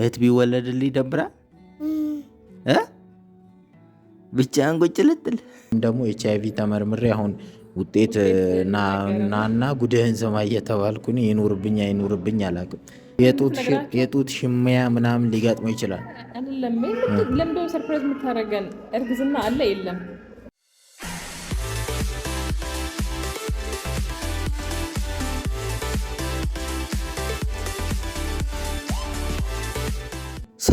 እህት ቢወለድልህ ይደብራል እ ብቻህን ቁጭ ልትል ደግሞ ኤች አይቪ ተመርምሬ አሁን ውጤት ናና ጉድህን ስማ እየተባልኩ ይኑርብኝ አይኑርብኝ አላውቅም። የጡት ሽሚያ ምናምን ሊገጥመው ይችላል። ለምደው ሰርፕራይዝ የምታደርገን እርግዝና አለ የለም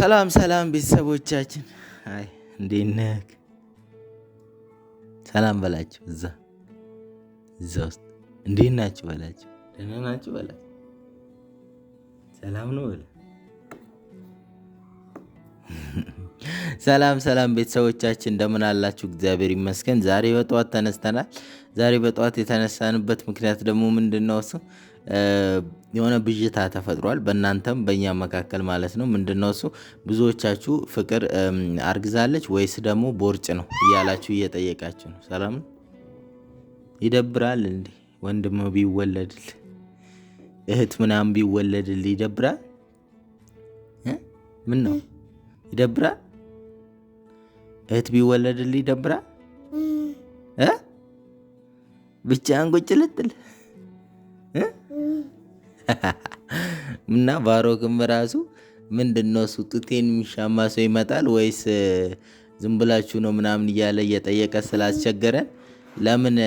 ሰላም ሰላም ቤተሰቦቻችን፣ አይ እንዴት ነህ? ሰላም በላችሁ እዛ እዛ ውስጥ እንዴት ናችሁ በላችሁ፣ ደህና ናችሁ በላቸው። ሰላም ነው በላ። ሰላም ሰላም ቤተሰቦቻችን እንደምን አላችሁ? እግዚአብሔር ይመስገን። ዛሬ በጠዋት ተነስተናል። ዛሬ በጠዋት የተነሳንበት ምክንያት ደግሞ ምንድን ነው? እሱ የሆነ ብዥታ ተፈጥሯል በእናንተም በእኛ መካከል ማለት ነው። ምንድነው እሱ ብዙዎቻችሁ ፍቅር አርግዛለች ወይስ ደግሞ ቦርጭ ነው እያላችሁ እየጠየቃችሁ ነው። ሰላም ይደብራል እንዴ? ወንድም ቢወለድል እህት ምናምን ቢወለድል ይደብራል? ምን ነው ይደብራል? እህት ቢወለድል ይደብራል? ብቻህን ቁጭ ልትል እና ባሮክም ራሱ ምንድን ነው እሱ ጡቴን የሚሻማ ሰው ይመጣል ወይስ ዝም ብላችሁ ነው ምናምን እያለ እየጠየቀ ስላስቸገረን ለምን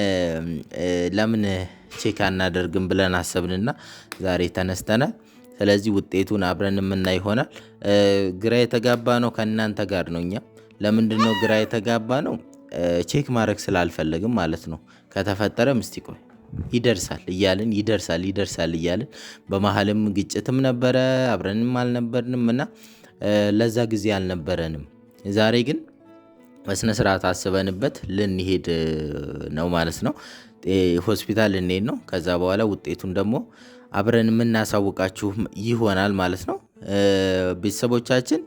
ለምን ቼክ አናደርግም ብለን አሰብንና ዛሬ ተነስተናል። ስለዚህ ውጤቱን አብረን የምና ይሆናል። ግራ የተጋባ ነው ከእናንተ ጋር ነው። እኛ ለምንድን ነው ግራ የተጋባ ነው? ቼክ ማድረግ ስላልፈለግም ማለት ነው። ከተፈጠረ ምስቲ ቆይ ይደርሳል እያልን ይደርሳል ይደርሳል እያልን በመሀልም ግጭትም ነበረ፣ አብረንም አልነበርንም እና ለዛ ጊዜ አልነበረንም። ዛሬ ግን በስነ ስርዓት አስበንበት ልንሄድ ነው ማለት ነው። ሆስፒታል ልንሄድ ነው። ከዛ በኋላ ውጤቱን ደግሞ አብረን የምናሳውቃችሁ ይሆናል ማለት ነው። ቤተሰቦቻችን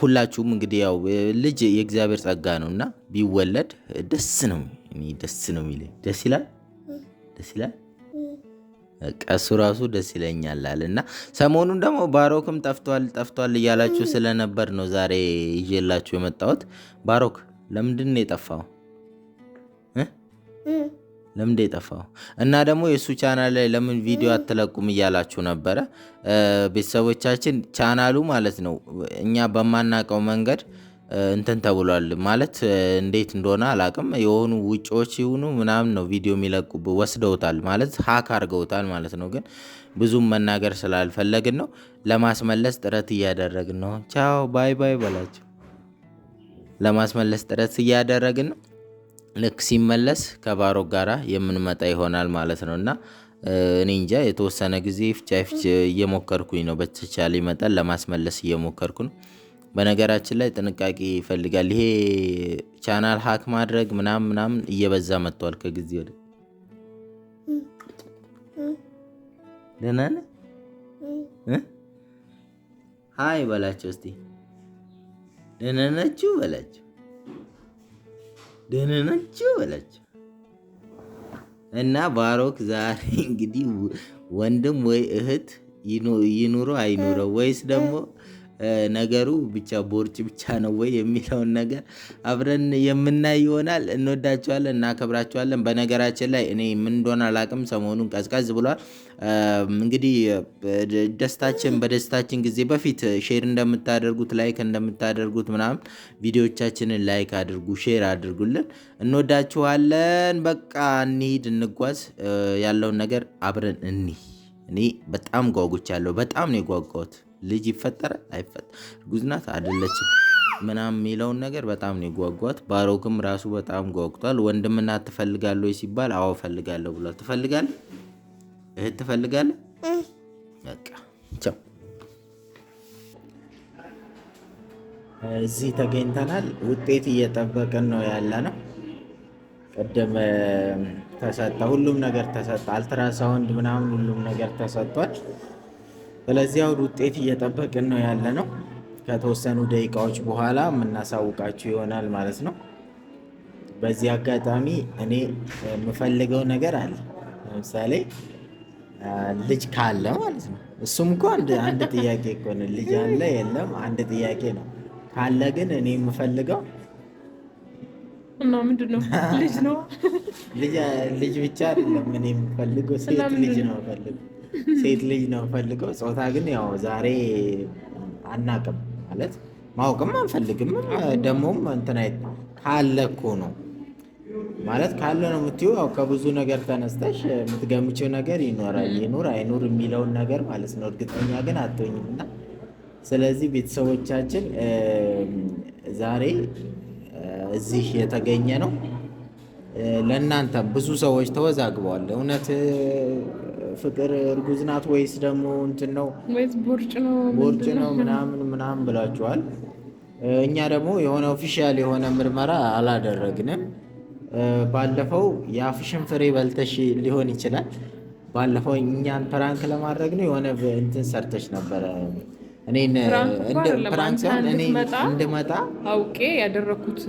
ሁላችሁም እንግዲህ ያው ልጅ የእግዚአብሔር ጸጋ ነው እና ቢወለድ ደስ ነው ደስ ነው የሚለኝ ደስ ይላል። ደስ ይላል። ቀሱ ራሱ ደስ ይለኛል አለ እና ሰሞኑን ደግሞ ባሮክም ጠፍቷል ጠፍቷል እያላችሁ ስለነበር ነው ዛሬ ይዤላችሁ የመጣሁት። ባሮክ ለምንድን ነው የጠፋው? ለምንድን የጠፋው? እና ደግሞ የእሱ ቻናል ላይ ለምን ቪዲዮ አትለቁም እያላችሁ ነበረ ቤተሰቦቻችን። ቻናሉ ማለት ነው እኛ በማናውቀው መንገድ እንትን ተብሏል ማለት እንዴት እንደሆነ አላቅም። የሆኑ ውጭዎች ሲሆኑ ምናምን ነው ቪዲዮ የሚለቁ ወስደውታል ማለት ሀክ አድርገውታል ማለት ነው። ግን ብዙም መናገር ስላልፈለግን ነው ለማስመለስ ጥረት እያደረግን ነው። ቻው ባይ ባይ በላቸው። ለማስመለስ ጥረት እያደረግን ነው። ልክ ሲመለስ ከባሮ ጋራ የምንመጣ ይሆናል ማለት ነው እና እኔ እንጃ የተወሰነ ጊዜ ፍቻ ፍች እየሞከርኩኝ ነው። በተቻለ መጠን ለማስመለስ እየሞከርኩ ነው። በነገራችን ላይ ጥንቃቄ ይፈልጋል። ይሄ ቻናል ሀክ ማድረግ ምናምን ምናምን እየበዛ መጥቷል ከጊዜ ወደ ደህና ነህ? ሀይ በላቸው እስቲ ደህና ናችሁ በላቸው፣ ደህና ናችሁ በላቸው። እና ባሮክ ዛሬ እንግዲህ ወንድም ወይ እህት ይኑረው አይኑረው ወይስ ደግሞ ነገሩ ብቻ ቦርጭ ብቻ ነው ወይ የሚለውን ነገር አብረን የምናይ ይሆናል። እንወዳቸዋለን፣ እናከብራቸዋለን። በነገራችን ላይ እኔ ምን እንደሆነ አላቅም፣ ሰሞኑን ቀዝቀዝ ብሏል። እንግዲህ ደስታችን በደስታችን ጊዜ በፊት ሼር እንደምታደርጉት ላይክ እንደምታደርጉት ምናምን ቪዲዮቻችንን ላይክ አድርጉ፣ ሼር አድርጉልን። እንወዳችኋለን። በቃ እንሂድ፣ እንጓዝ። ያለውን ነገር አብረን እንይ። እኔ በጣም ጓጉቻለሁ። በጣም ነው የጓጓሁት። ልጅ ይፈጠራል አይፈጠር፣ ጉዝናት አይደለችም ምናምን የሚለውን ነገር በጣም ነው የጓጓት። ባሮክም ራሱ በጣም ጓጉቷል። ወንድምና ትፈልጋለሁ ሲባል አዎ እፈልጋለሁ ብሏል። ትፈልጋለህ? እህት ትፈልጋለህ? በቃ ቻው። እዚህ ተገኝተናል። ውጤት እየጠበቅን ነው ያለ ነው። ቅድም ተሰጠ፣ ሁሉም ነገር ተሰጠ። አልትራሳውንድ ምናምን ሁሉም ነገር ተሰጥቷል። ስለዚህ አሁን ውጤት እየጠበቅን ነው ያለ ነው። ከተወሰኑ ደቂቃዎች በኋላ የምናሳውቃችሁ ይሆናል ማለት ነው። በዚህ አጋጣሚ እኔ የምፈልገው ነገር አለ። ለምሳሌ ልጅ ካለ ማለት ነው። እሱም እኮ አንድ ጥያቄ እኮ ነው። ልጅ አለ የለም አንድ ጥያቄ ነው። ካለ ግን እኔ የምፈልገው እና ምንድን ነው ልጅ ነው ልጅ ብቻ አይደለም እኔ የምፈልገው ሴት ልጅ ነው የምፈልገው ሴት ልጅ ነው ፈልገው። ጾታ ግን ያው ዛሬ አናቅም ማለት ማወቅም አንፈልግም። ደግሞም እንትና ካለ እኮ ነው ማለት ካለ ነው የምትይው። ያው ከብዙ ነገር ተነስተሽ የምትገምችው ነገር ይኖራል። ይኑር አይኑር የሚለውን ነገር ማለት ነው። እርግጠኛ ግን አትሆኝም። እና ስለዚህ ቤተሰቦቻችን ዛሬ እዚህ የተገኘ ነው ለእናንተ ብዙ ሰዎች ተወዛግበዋል እውነት ፍቅር እርጉዝ ናት ወይስ ደግሞ እንትን ነው ቦርጭ ነው ምናምን ምናምን ብላችኋል። እኛ ደግሞ የሆነ ኦፊሻል የሆነ ምርመራ አላደረግንም። ባለፈው የአፍሽን ፍሬ በልተሽ ሊሆን ይችላል። ባለፈው እኛን ፕራንክ ለማድረግ ነው የሆነ እንትን ሰርተች ነበረ። እኔን እኔ እንድመጣ አውቄ ያደረግኩት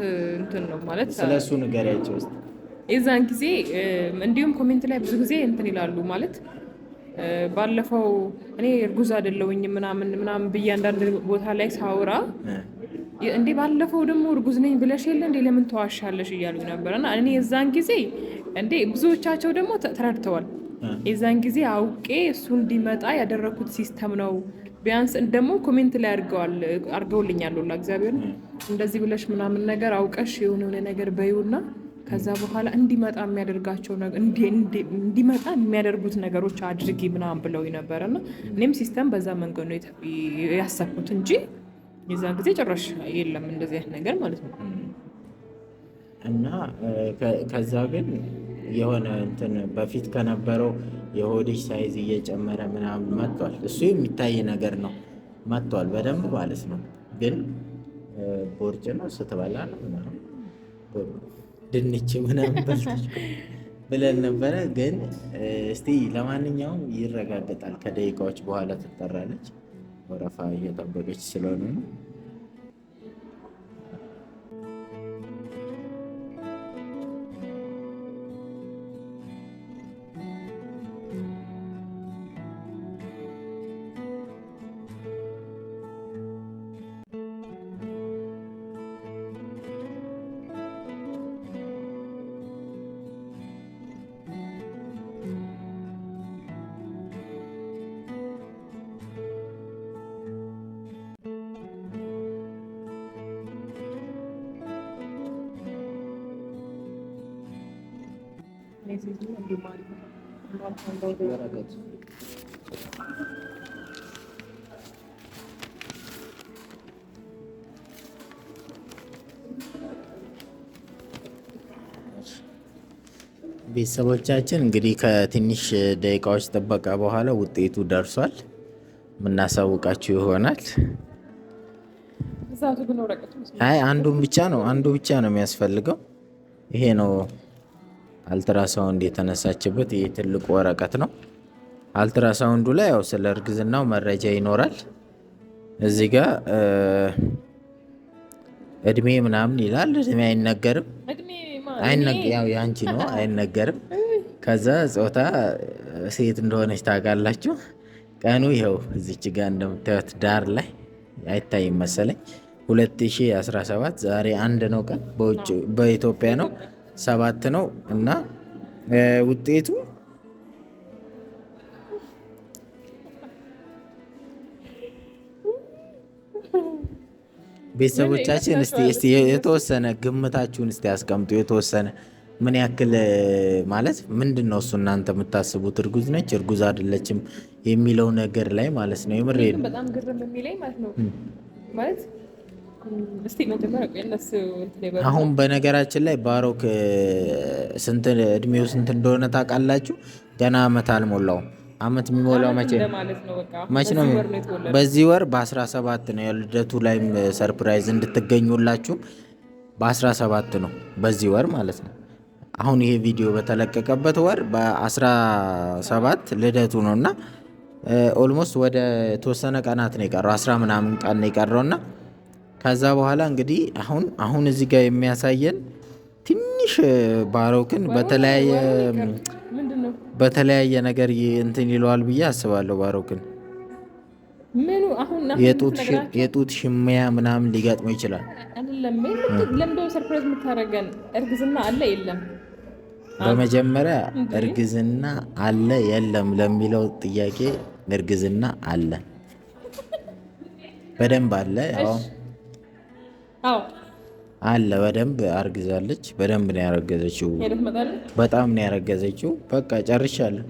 እንትን ነው ማለት ስለሱ ንገሪያቸው ውስጥ የዛን ጊዜ እንዲሁም ኮሜንት ላይ ብዙ ጊዜ እንትን ይላሉ ማለት ባለፈው እኔ እርጉዝ አይደለሁኝ ምናምን ምናምን ብዬ አንዳንድ ቦታ ላይ ሳውራ እንዴ ባለፈው ደግሞ እርጉዝ ነኝ ብለሽ የለ እንዴ ለምን ተዋሻለሽ እያሉኝ ነበረ። እና እኔ የዛን ጊዜ እንዴ ብዙዎቻቸው ደግሞ ተረድተዋል። የዛን ጊዜ አውቄ እሱ እንዲመጣ ያደረኩት ሲስተም ነው። ቢያንስ ደግሞ ኮሜንት ላይ አድርገውልኛል ሁላ እግዚአብሔር እንደዚህ ብለሽ ምናምን ነገር አውቀሽ የሆነ ነገር በይውና ከዛ በኋላ እንዲመጣ የሚያደርጋቸው እንዲመጣ የሚያደርጉት ነገሮች አድርጊ ምናምን ብለው ነበረ እና እኔም ሲስተም በዛ መንገድ ነው ያሰብኩት እንጂ የዛ ጊዜ ጭራሽ የለም እንደዚህ አይነት ነገር ማለት ነው። እና ከዛ ግን የሆነ እንትን በፊት ከነበረው የሆድሽ ሳይዝ እየጨመረ ምናምን መጥቷል። እሱ የሚታይ ነገር ነው መጥቷል፣ በደንብ ማለት ነው። ግን ቦርጭ ነው ስትበላ ነው ድንች ምናምን ብለን ነበረ። ግን እስቲ ለማንኛውም ይረጋገጣል። ከደቂቃዎች በኋላ ትጠራለች። ወረፋ እየጠበቀች ስለሆነ ነው። ቤተሰቦቻችን እንግዲህ ከትንሽ ደቂቃዎች ጥበቃ በኋላ ውጤቱ ደርሷል። የምናሳውቃችሁ ይሆናል። አይ አንዱን ብቻ ነው አንዱ ብቻ ነው የሚያስፈልገው። ይሄ ነው። አልትራሳውንድ የተነሳችበት ይህ ትልቁ ወረቀት ነው። አልትራሳውንዱ ላይ ያው ስለ እርግዝናው መረጃ ይኖራል። እዚህ ጋ እድሜ ምናምን ይላል። እድሜ አይነገርም፣ የአንቺ ነው አይነገርም። ከዛ ፆታ ሴት እንደሆነች ታውቃላችሁ። ቀኑ ይኸው እዚች ጋ እንደምታዩት ዳር ላይ አይታይም መሰለኝ 2017 ዛሬ አንድ ነው ቀን በኢትዮጵያ ነው። ሰባት ነው እና ውጤቱ ቤተሰቦቻችን እስቲ እስቲ የተወሰነ ግምታችሁን እስቲ ያስቀምጡ። የተወሰነ ምን ያክል ማለት ምንድን ነው እሱ እናንተ የምታስቡት እርጉዝ ነች እርጉዝ አይደለችም የሚለው ነገር ላይ ማለት ነው። የምሬ ነው በጣም ግርም የሚለኝ ማለት ነው ማለት አሁን በነገራችን ላይ ባሮክ ስንት እድሜው ስንት እንደሆነ ታውቃላችሁ? ገና አመት አልሞላውም። አመት የሚሞላው መቼ ነው? መቼ ነው? በዚህ ወር በ17 ነው። የልደቱ ላይም ሰርፕራይዝ እንድትገኙላችሁም በ17 ነው፣ በዚህ ወር ማለት ነው። አሁን ይሄ ቪዲዮ በተለቀቀበት ወር በ17 ልደቱ ነው እና ኦልሞስት ወደ ተወሰነ ቀናት ነው የቀረው፣ አስራ ምናምን ቀን ነው የቀረው እና ከዛ በኋላ እንግዲህ አሁን አሁን እዚህ ጋር የሚያሳየን ትንሽ ባሮክን በተለያየ በተለያየ ነገር እንትን ይለዋል ብዬ አስባለሁ። ባሮክን የጡት ሽሚያ ምናምን ሊገጥመው ይችላል። ለምደ ሰርፕራይዝ የምታደርገን እርግዝና አለ የለም በመጀመሪያ እርግዝና አለ የለም ለሚለው ጥያቄ እርግዝና አለ፣ በደንብ አለ ያው አለ በደንብ አርግዛለች። በደንብ ነው ያረገዘችው። በጣም ነው ያረገዘችው። በቃ ጨርሻለሁ።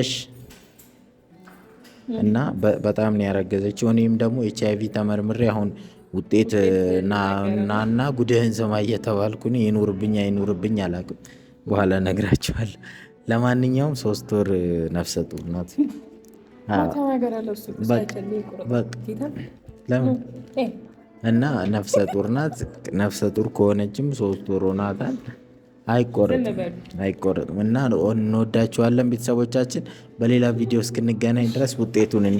እሺ እና በጣም ነው ያረገዘችው። እኔም ደግሞ ኤች አይቪ ተመርምሬ አሁን ውጤት ናና ጉድህን ስማ እየተባልኩ ይኑርብኝ አይኑርብኝ አላውቅም። በኋላ ነግራቸዋል። ለማንኛውም ሶስት ወር ነፍሰ ጡር ናት። ለምን እና ነፍሰ ጡር ናት። ነፍሰ ጡር ከሆነችም ሶስት ወር ሆኗታል። አይቆረጥም አይቆረጥም። እና እንወዳችኋለን ቤተሰቦቻችን። በሌላ ቪዲዮ እስክንገናኝ ድረስ ውጤቱን እኔ